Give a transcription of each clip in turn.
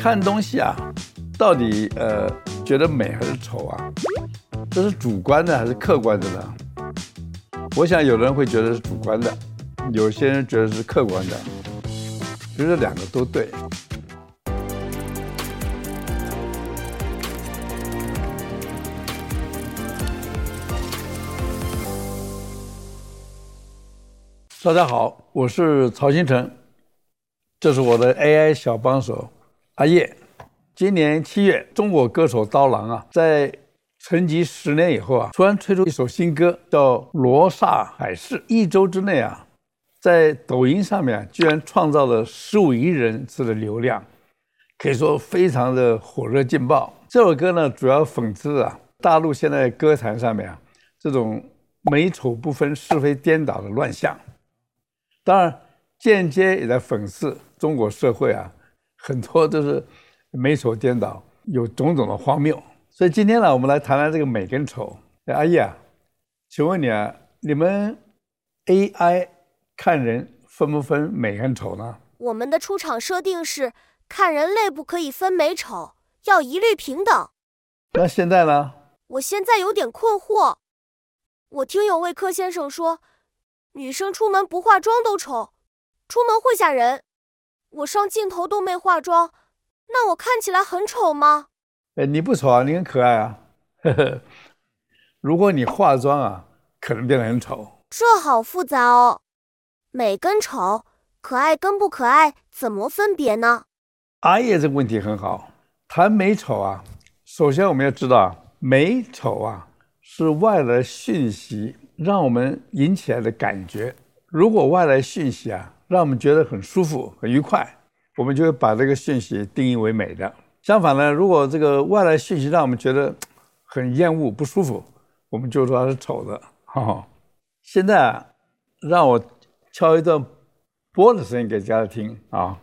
看東西啊，到底呃覺得美還是醜啊？這是主觀的還是客觀的呢？我想有人會覺得是主觀的，有些人覺得是客觀的，其實這兩個都對。大家 好，我是曹興誠，這是我的 AI 小幫手。阿葉，ah, yeah. 今年七月，中國歌手刀郎啊，在沉寂十年以後啊，突然推出一首新歌，叫《羅剎海市》。一周之內啊，在抖音上面，啊，居然創造了十五億人次的流量，可以說非常的火熱勁爆。這首歌呢，主要諷刺啊，大陸現在的歌壇上面啊，這種美醜不分、是非顛倒的亂象。當然，間接也在諷刺中國社會啊。很多都是美醜顛倒，有種種的荒謬。所以今天呢，我們來談談這個美跟醜。哎，阿姨啊，請問你啊，你們 AI 看人分不分美跟醜呢？我們的出廠設定是看人類不可以分美醜，要一律平等。那現在呢？我現在有點困惑。我聽有位柯先生說，女生出門不化妝都醜，出門會嚇人。我上鏡頭都沒化妝，那我看起來很醜嗎？哎，你不醜啊，你很可愛啊。呵呵，如果你化妝啊，可能變得很醜。這好複雜哦，美跟醜，可愛跟不可愛，怎麼分別呢？阿葉啊，這個問題很好，談美醜啊，首先我們要知道啊，美醜啊是外來訊息讓我們引起來的感覺。如果外來訊息啊。讓我們覺得很舒服、很愉快，我們就會把這個訊息定義為美的。相反呢，如果這個外來信息，讓我們覺得很厭惡、不舒服，我們就說它是醜的。哈，現在啊，讓我敲一段波的聲音給大家聽啊、哦。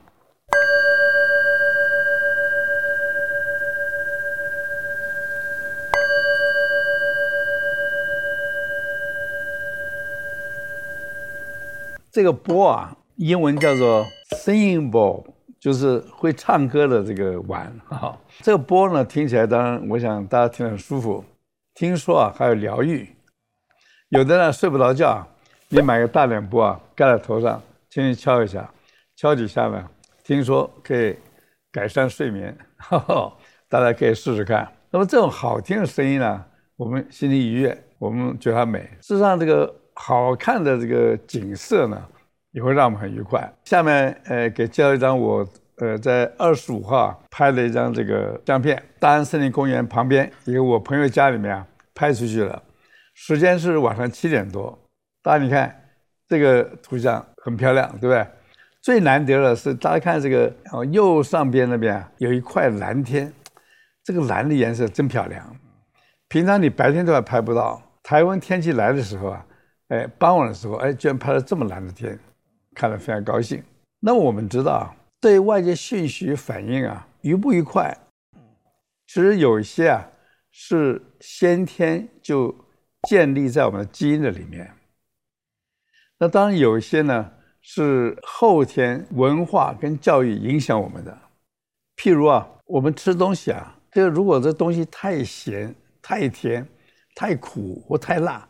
這個波啊。英文叫做 singing bowl 就是會唱歌的這個碗哈、哦，這個缽呢，聽起來當然，我想大家聽着很舒服。聽說啊，還有療癒，有的呢睡不着覺，你買個大臉缽啊，蓋在頭上，輕輕敲一下，敲幾下吧。聽說可以改善睡眠、哦，大家可以試試看。那麼這種好聽的聲音呢，我們心情愉悅，我們覺得它美。事實上，這個好看的這個景色呢。也會讓我們很愉快。下面，呃，給介紹一張我，呃，在二十五號拍的一張這個相片，大安森林公園旁邊一個我朋友家裡面啊拍出去了，時間是晚上七點多。大家你看，這個圖像很漂亮，對不對？最難得的是大家看這個，哦，右上邊那邊啊有一塊藍天，這個藍的顏色真漂亮。平常你白天都還拍不到，台灣天氣來的時候啊，哎，傍晚的時候，哎，居然拍了這麼藍的天。看了非常高興。那我們知道啊，對外界訊息反應啊，愉不愉快，其實有一些啊，是先天就建立在我們的基因的裡面。那當然有一些呢，是後天文化跟教育影響我們的。譬如啊，我們吃東西啊，這個如果這東西太鹹、太甜、太苦或太辣，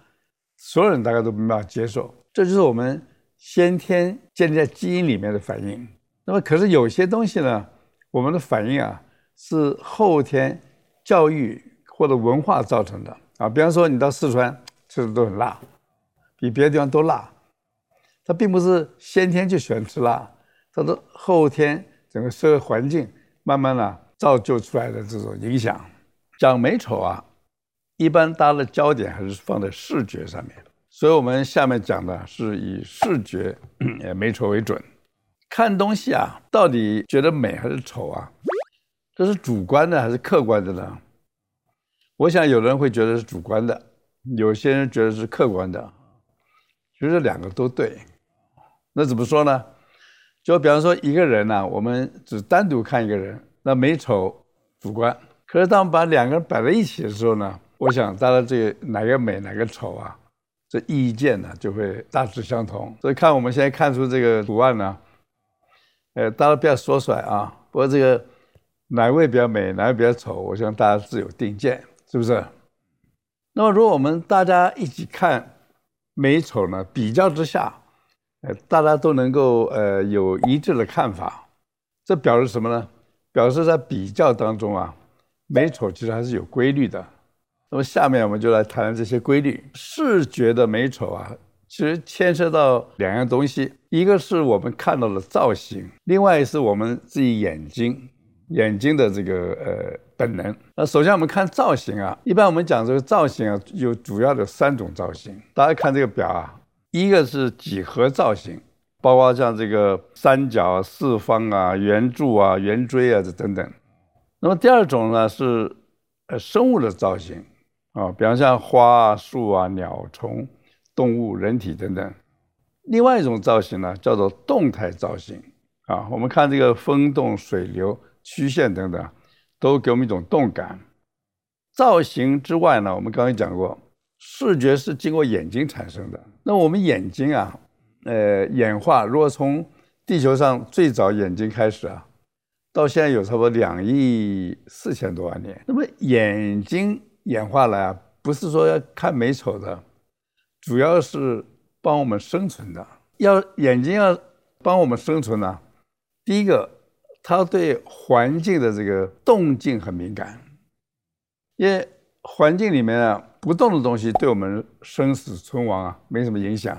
所有人大概都沒辦法接受。這就是我們。先天建立在基因裡面的反應，那麼可是有些東西呢，我們的反應啊是後天教育或者文化造成的啊。比方說，你到四川吃的都很辣，比別的地方都辣，它並不是先天就喜歡吃辣，它的後天整個社會環境慢慢呢、啊、造就出來的這種影響。講美醜啊，一般大家的焦點還是放在視覺上面。所以，我們下面講的是以視覺、美醜為準，看東西啊，到底覺得美還是醜啊？這是主觀的還是客觀的呢？我想有人會覺得是主觀的，有些人覺得是客觀的，其實這兩個都對。那怎麼說呢？就比方說一個人呢、啊，我們只單獨看一個人，那美醜主觀；可是當把兩個人擺在一起的時候呢，我想大家這哪個美哪個醜啊？這意見呢，就會大致相同，所以看我們現在看出這個圖案呢，呃，大家不要說出來啊。不過這個哪位比較美，哪位比較醜，我希望大家自有定見，是不是？那麼如果我們大家一起看美醜呢，比較之下，呃，大家都能夠呃有一致的看法，這表示什麼呢？表示在比較當中啊，美醜其實還是有規律的。那麼下面我們就來談談這些規律。視覺的美醜啊，其實牽涉到兩樣東西，一個是我們看到的造型，另外是我們自己眼睛眼睛的這個呃本能。那首先我們看造型啊，一般我們講這個造型啊，有主要的三種造型。大家看這個表啊，一個是幾何造型，包括像這個三角、四方啊、圓柱啊、圓錐啊這等等。那麼第二種呢是呃生物的造型。啊、哦，比方像花、啊、樹啊、鳥、蟲、動物、人體等等。另外一種造型呢，叫做動態造型啊。我們看這個風動、水流、曲線等等，都給我們一種動感。造型之外呢，我們剛才講過，視覺是經過眼睛產生的。那我們眼睛啊，呃，演化如果從地球上最早眼睛開始啊，到現在有差不多兩億四千多萬年。那麼眼睛。演化來啊，不是說要看美醜的，主要是幫我們生存的。要眼睛要幫我們生存呢、啊，第一個，它對環境的這個動靜很敏感，因為環境裡面啊，不動的東西對我們生死存亡啊沒什麼影響，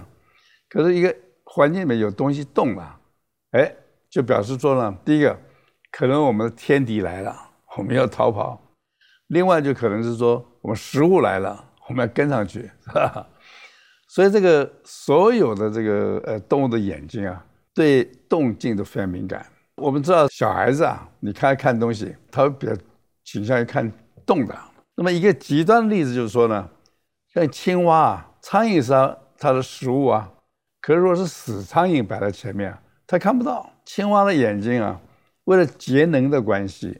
可是一個環境裡面有東西動了，哎，就表示說呢，第一個，可能我們的天敵來了，我們要逃跑。另外，就可能是說，我們食物來了，我們要跟上去，所以這個所有的這個呃動物的眼睛啊，對動靜都非常敏感。我們知道小孩子啊，你看看東西，他會比較傾向於看動的。那麼一個極端的例子就是說呢，像青蛙啊、蒼蠅上它的食物啊，可是如果是死蒼蠅擺在前面，啊，它看不到。青蛙的眼睛啊，為了節能的關係，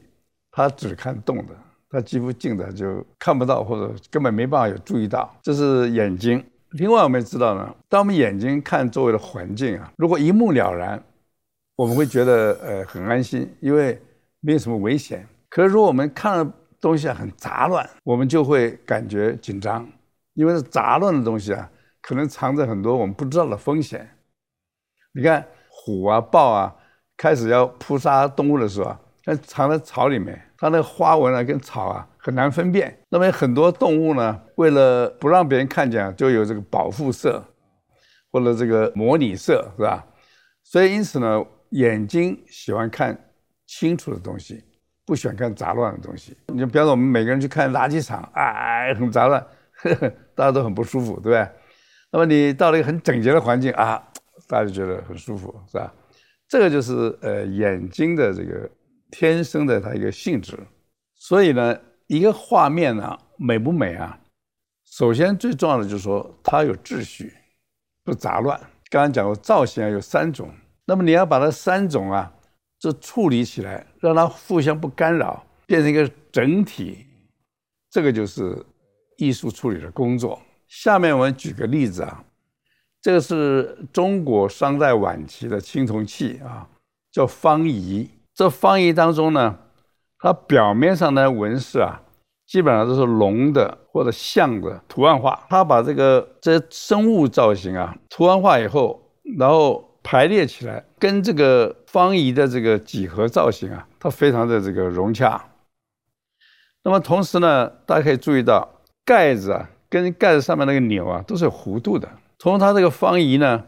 它只看動的。它幾乎近的就看不到，或者根本沒辦法有注意到。這是眼睛。另外，我們也知道呢，當我們眼睛看周圍的環境啊，如果一目了然，我們會覺得呃很安心，因為沒有什麼危險。可是，如果我們看的東西啊很雜亂，我們就會感覺緊張，因為雜亂的東西啊，可能藏着很多我們不知道的風險。你看，虎啊、豹啊，啊、開始要撲殺動物的時候啊，它藏在草裡面。它那個花紋啊，跟草啊很難分辨。那麼很多動物呢，為了不讓別人看見，就有這個保護色，或者這個模擬色，是吧？所以因此呢，眼睛喜歡看清楚的東西，不喜歡看雜亂的東西。你就比方說，我們每個人去看垃圾場啊、哎，很雜亂，呵呵，大家都很不舒服，對不對？那麼你到了一個很整潔的環境啊，大家就覺得很舒服，是吧？這個就是呃眼睛的這個。天生的它一個性質，所以呢，一個畫面呢、啊、美不美啊？首先最重要的就是說它有秩序，不雜亂。剛剛講過造型啊有三種，那麼你要把它三種啊這處理起來，讓它互相不干擾，變成一個整體，這個就是藝術處理的工作。下面我們舉個例子啊，這個是中國商代晚期的青銅器啊，叫方彝。這方彝當中呢，它表面上的紋飾啊，基本上都是龍的或者象的圖案化。它把這個這些生物造型啊，圖案化以後，然後排列起來，跟這個方彝的這個幾何造型啊，它非常的這個融洽。那麼同時呢，大家可以注意到蓋子啊，跟蓋子上面那個鈕啊，都是有弧度的。從它這個方彝呢，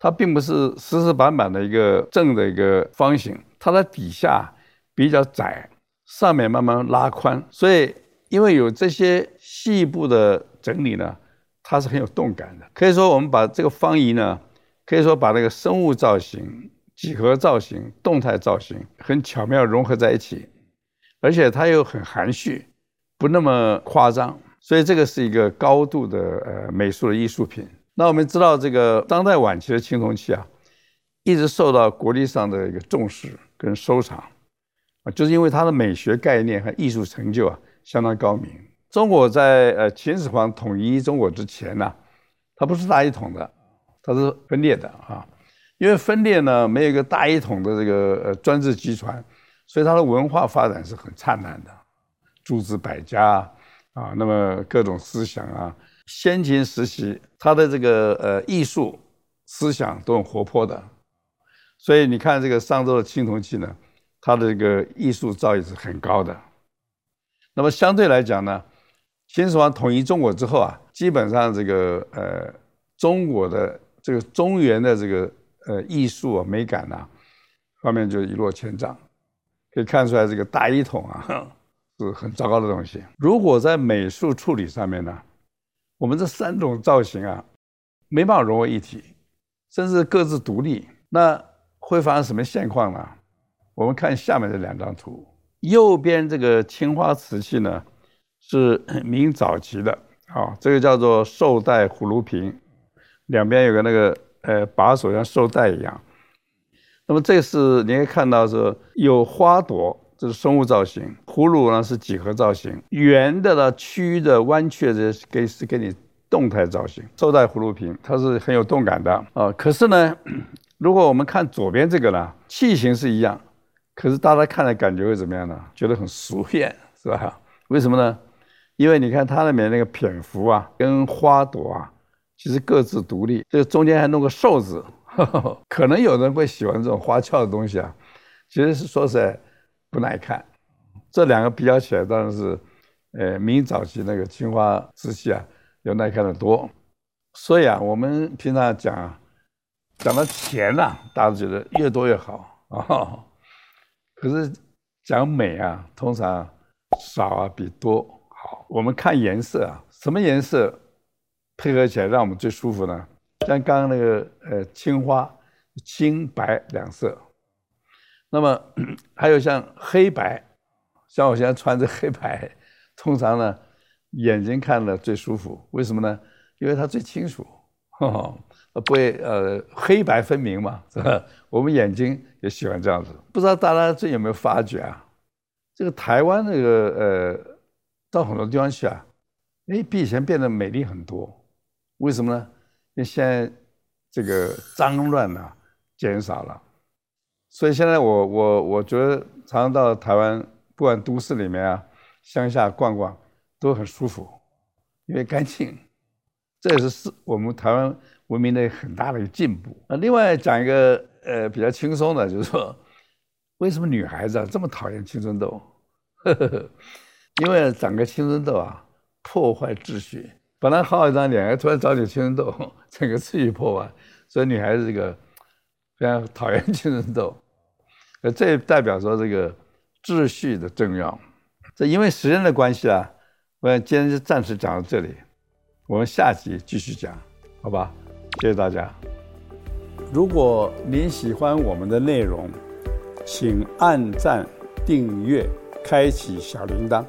它並不是死死板板的一個正的一個方形。它的底下比較窄，上面慢慢拉寬，所以因為有這些細部的整理呢，它是很有動感的。可以說，我們把這個方彝呢，可以說把那個生物造型、幾何造型、動態造型很巧妙融合在一起，而且它又很含蓄，不那麼誇張，所以這個是一個高度的呃美術的藝術品。那我們知道，這個商代晚期的青銅器啊，一直受到國際上的一個重視。跟收藏，啊，就是因為他的美學概念和藝術成就啊，相當高明。中國在呃秦始皇統一中國之前呢，啊，它不是大一統的，它是分裂的啊。因為分裂呢，沒有一個大一統的這個呃專制集團。所以它的文化發展是很燦爛的，諸子百家啊，那麼各種思想啊，先秦時期它的這個呃藝術思想都很活潑的。所以你看這個商周的青銅器呢，它的這個藝術造詣是很高的。那麼相對來講呢，秦始皇統一中國之後啊，基本上這個呃中國的這個中原的這個呃藝術啊美感吶、啊、方面就一落千丈，可以看出來這個大一統啊是很糟糕的東西。如果在美術處理上面呢，我們這三種造型啊沒辦法融為一體，甚至各自獨立，那。會發生什麼現況呢？我們看下面這兩張圖，右邊這個青花瓷器呢，是明早期的，啊、哦，這個叫做綬帶葫蘆瓶，兩邊有個那個呃把手，像綬帶一樣。那麼這是你可以看到是有花朵，這，就是生物造型；葫蘆呢是幾何造型，圓的呢，曲的，彎曲的這是給是給你動態造型。綬帶葫蘆瓶它是很有動感的啊、哦，可是呢。如果我們看左邊這個呢，器型是一樣，可是大家看的感覺會怎麼樣呢？覺得很俗豔，是吧？為什麼呢？因為你看它裡面那個蝙蝠啊，跟花朵啊，其實各自獨立，這個中間還弄個壽字，呵呵，可能有人會喜歡這種花俏的東西啊，其實是說實在，不耐看。這兩個比較起來，當然是，呃，明早期那個青花瓷器啊，要耐看得多。所以啊，我們平常講啊，講到錢吶、啊，大家覺得越多越好啊、哦。可是講美啊，通常少啊比多好。我們看顏色啊，什麼顏色配合起來讓我們最舒服呢？像剛剛那個呃青花，青白兩色。那麼還有像黑白，像我現在穿着黑白，通常呢眼睛看了最舒服。為什麼呢？因為它最清楚。哦不會，呃，黑白分明嘛，是吧？ 我們眼睛也喜歡這樣子。不知道大家最近有沒有發覺啊？這個台灣那個，呃，到很多地方去啊，哎，比以前變得美麗很多。為什麼呢？因為現在這個髒亂啊減少了，所以現在我我我覺得常常到台灣，不管都市裡面啊，鄉下逛逛都很舒服，因為乾淨。這也是是，我們台灣。文明的很大的一個進步。那另外講一個呃比較輕鬆的，就是說為什麼女孩子啊，這麼討厭青春痘？ 因為長個青春痘啊，破壞秩序。本來好一張臉，突然長起青春痘，整個秩序破壞，所以女孩子這個非常討厭青春痘。這代表說這個秩序的重要。這因為時間的關係啊，我想今天就暫時講到這裡，我們下集繼續講，好吧？謝謝大家。如果您喜歡我們的內容，請按讚、訂閱、開啟小鈴鐺。